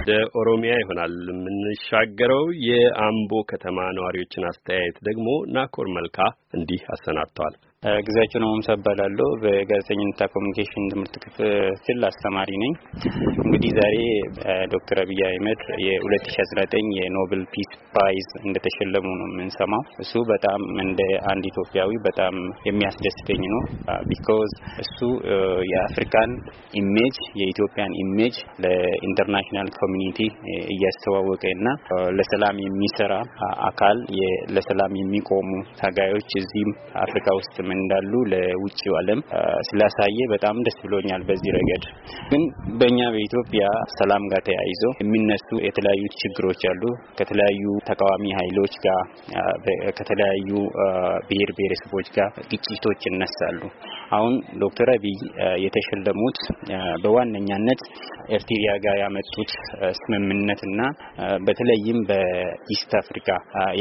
ወደ ኦሮሚያ ይሆናል የምንሻገረው። የአምቦ ከተማ ነዋሪዎችን አስተያየት ደግሞ ናኮር መልካ እንዲህ አሰናድተዋል። ግዛቸው ነው ምሰባላሉ በጋዜጠኝነትና ኮሚኒኬሽን ትምህርት ክፍል አስተማሪ ነኝ። እንግዲህ ዛሬ ዶክተር አብይ አህመድ የ2019 የኖብል ፒስ ፕራይዝ እንደተሸለሙ ነው የምንሰማው። እሱ በጣም እንደ አንድ ኢትዮጵያዊ በጣም የሚያስደስተኝ ነው። ቢኮዝ እሱ የአፍሪካን ኢሜጅ የኢትዮጵያን ኢሜጅ ለኢንተርናሽናል ኮሚኒቲ እያስተዋወቀ እና ለሰላም የሚሰራ አካል ለሰላም የሚቆሙ ታጋዮች እዚህም አፍሪካ ውስጥ ምን እንዳሉ ለውጭው ዓለም ስላሳየ በጣም ደስ ብሎኛል። በዚህ ረገድ ግን በእኛ በኢትዮጵያ ሰላም ጋር ተያይዞ የሚነሱ የተለያዩ ችግሮች አሉ። ከተለያዩ ተቃዋሚ ኃይሎች ጋር ከተለያዩ ብሔር ብሔረሰቦች ጋር ግጭቶች ይነሳሉ። አሁን ዶክተር አብይ የተሸለሙት በዋነኛነት ኤርትሪያ ጋር ያመጡት ስምምነት እና በተለይም በኢስት አፍሪካ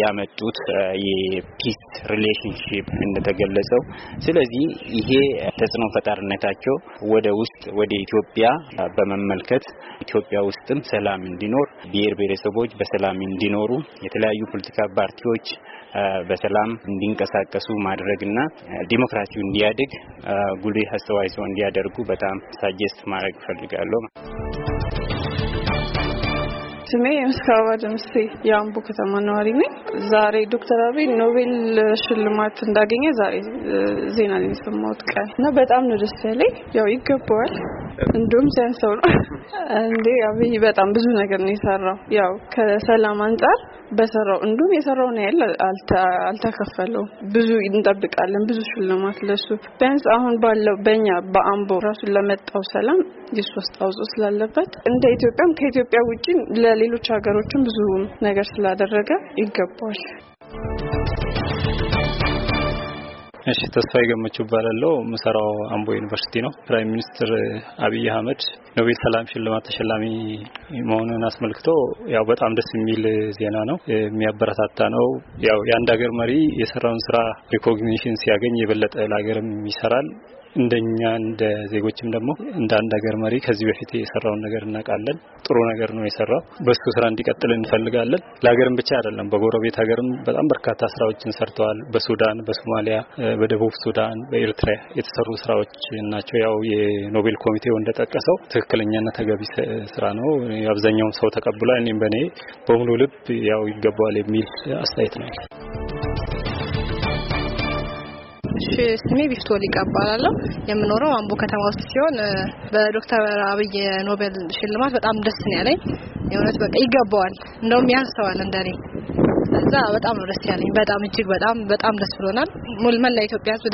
ያመጡት የፒስ ሪሌሽንሽፕ እንደተገለጸው። ስለዚህ ይሄ ተጽዕኖ ፈጣሪነታቸው ወደ ውስጥ ወደ ኢትዮጵያ በመመልከት ኢትዮጵያ ውስጥም ሰላም እንዲኖር፣ ብሔር ብሔረሰቦች በሰላም እንዲኖሩ፣ የተለያዩ ፖለቲካ ፓርቲዎች በሰላም እንዲንቀሳቀሱ ማድረግና ዲሞክራሲው እንዲያድግ ጉልህ አስተዋጽኦ እንዲያደርጉ በጣም ሳጀስት ማድረግ እፈልጋለሁ። ስሜ የምስካባ ደምሴ የአምቦ ከተማ ነዋሪ ነኝ። ዛሬ ዶክተር አብይ ኖቤል ሽልማት እንዳገኘ ዛሬ ዜና ላይ የሰማሁት ቀን እና በጣም ነው ደስ ያለኝ። ያው ይገባዋል እንዲሁም ሲያንሰው ነው እንዴ? አብይ በጣም ብዙ ነገር ነው የሰራው። ያው ከሰላም አንጻር በሰራው እንዲሁም የሰራው ነው ያለ አልተከፈለው። ብዙ እንጠብቃለን፣ ብዙ ሽልማት ለሱ ቢያንስ አሁን ባለው በእኛ በአምቦ ራሱን ለመጣው ሰላም የሱ አስተዋጽኦ ስላለበት እንደ ኢትዮጵያም ከኢትዮጵያ ውጪ ለሌሎች ሀገሮችም ብዙ ነገር ስላደረገ ይገባዋል። እሺ ተስፋ ገመቹ እባላለሁ። የምሰራው አምቦ ዩኒቨርሲቲ ነው። ፕራይም ሚኒስትር አብይ አህመድ ኖቤል ሰላም ሽልማት ተሸላሚ መሆኑን አስመልክቶ ያው በጣም ደስ የሚል ዜና ነው፣ የሚያበረታታ ነው። ያው የአንድ ሀገር መሪ የሰራውን ስራ ሪኮግኒሽን ሲያገኝ የበለጠ ለሀገርም ይሰራል። እንደኛ እንደ ዜጎችም ደግሞ እንደ አንድ ሀገር መሪ ከዚህ በፊት የሰራውን ነገር እናውቃለን። ጥሩ ነገር ነው የሰራው። በሱ ስራ እንዲቀጥል እንፈልጋለን። ለሀገርም ብቻ አይደለም፣ በጎረቤት ሀገርም በጣም በርካታ ስራዎችን ሰርተዋል። በሱዳን፣ በሶማሊያ፣ በደቡብ ሱዳን፣ በኤርትራ የተሰሩ ስራዎች ናቸው። ያው የኖቤል ኮሚቴው እንደጠቀሰው ትክክለኛና ተገቢ ስራ ነው። አብዛኛውን ሰው ተቀብሏል። እኔም በእኔ በሙሉ ልብ ያው ይገባዋል የሚል አስተያየት ነው። እሺ ስሜ ቢፍቶ ሊቃ እባላለሁ። የምኖረው አምቦ ከተማ ውስጥ ሲሆን በዶክተር አብይ ኖቤል ሽልማት በጣም ደስ ነው ያለኝ። የእውነት በቃ ይገባዋል፣ እንደውም ያንሰዋል እንደኔ እዛ በጣም ነው ደስ ያለኝ። በጣም እጅግ በጣም በጣም ደስ ብሎናል። መላ ኢትዮጵያ ሕዝብ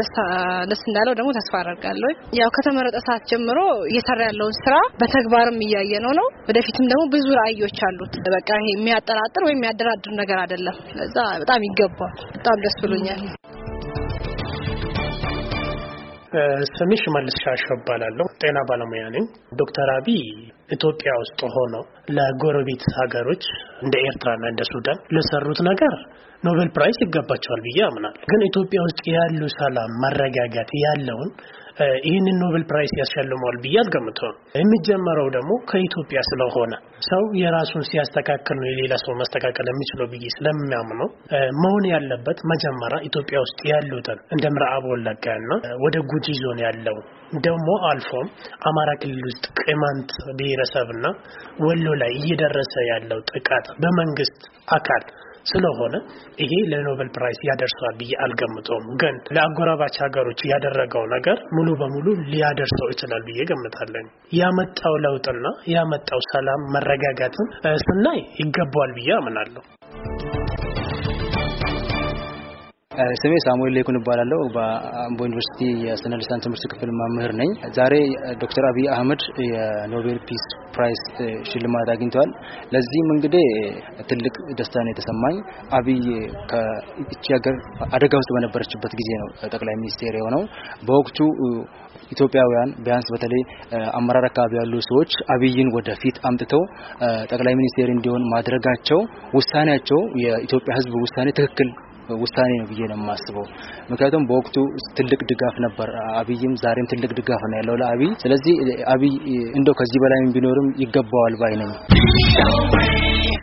ደስ እንዳለው ደግሞ ተስፋ አደርጋለሁ። ያው ከተመረጠ ሰዓት ጀምሮ እየሰራ ያለውን ስራ በተግባርም እያየ ነው ነው ወደፊትም ደግሞ ብዙ ራዕዮች አሉት። በቃ ይሄ የሚያጠራጥር ወይም የሚያደራድር ነገር አይደለም። ለዛ በጣም ይገባዋል። በጣም ደስ ብሎኛል። ስሜ ሽመልስ ሻሾ እባላለሁ። ጤና ባለሙያ ነኝ። ዶክተር አብይ ኢትዮጵያ ውስጥ ሆነው ለጎረቤት ሀገሮች እንደ ኤርትራና እንደ ሱዳን ለሰሩት ነገር ኖቤል ፕራይስ ይገባቸዋል ብዬ አምናለሁ። ግን ኢትዮጵያ ውስጥ ያሉ ሰላም፣ መረጋጋት ያለውን ይህንን ኖቤል ፕራይስ ያሸልመዋል ብዬ አልገምተውም። የሚጀመረው ደግሞ ከኢትዮጵያ ስለሆነ ሰው የራሱን ሲያስተካክል ነው የሌላ ሰው ማስተካከል የሚችለው ብዬ ስለሚያምነው መሆን ያለበት መጀመሪያ ኢትዮጵያ ውስጥ ያሉትን እንደ ምዕራብ ወለጋና ወደ ጉጂ ዞን ያለው ደግሞ አልፎም አማራ ክልል ውስጥ ቅማንት ብሔረሰብና ወሎ ላይ እየደረሰ ያለው ጥቃት በመንግስት አካል ስለሆነ ይሄ ለኖቤል ፕራይስ ያደርሰዋል ብዬ አልገምተውም። ግን ለአጎራባች ሀገሮች ያደረገው ነገር ሙሉ በሙሉ ሊያደርሰው ይችላል ብዬ ገምታለኝ። ያመጣው ለውጥና ያመጣው ሰላም መረጋጋትን ስናይ ይገባዋል ብዬ አምናለሁ። ስሜ ሳሙኤል ሌኩን እባላለሁ። በአምቦ ዩኒቨርሲቲ የስነ ልሳን ትምህርት ክፍል መምህር ነኝ። ዛሬ ዶክተር አብይ አህመድ የኖቤል ፒስ ፕራይስ ሽልማት አግኝተዋል። ለዚህም እንግዲህ ትልቅ ደስታ ነው የተሰማኝ። አብይ ከእቺ ሀገር አደጋ ውስጥ በነበረችበት ጊዜ ነው ጠቅላይ ሚኒስቴር የሆነው። በወቅቱ ኢትዮጵያውያን ቢያንስ በተለይ አመራር አካባቢ ያሉ ሰዎች አብይን ወደፊት አምጥተው ጠቅላይ ሚኒስቴር እንዲሆን ማድረጋቸው ውሳኔያቸው የኢትዮጵያ ሕዝብ ውሳኔ ትክክል ውሳኔ ነው ብዬ ነው የማስበው። ምክንያቱም በወቅቱ ትልቅ ድጋፍ ነበር። አብይም ዛሬም ትልቅ ድጋፍ ነው ያለው ለአብይ። ስለዚህ አብይ እንደው ከዚህ በላይም ቢኖርም ይገባዋል ባይ ነኝ።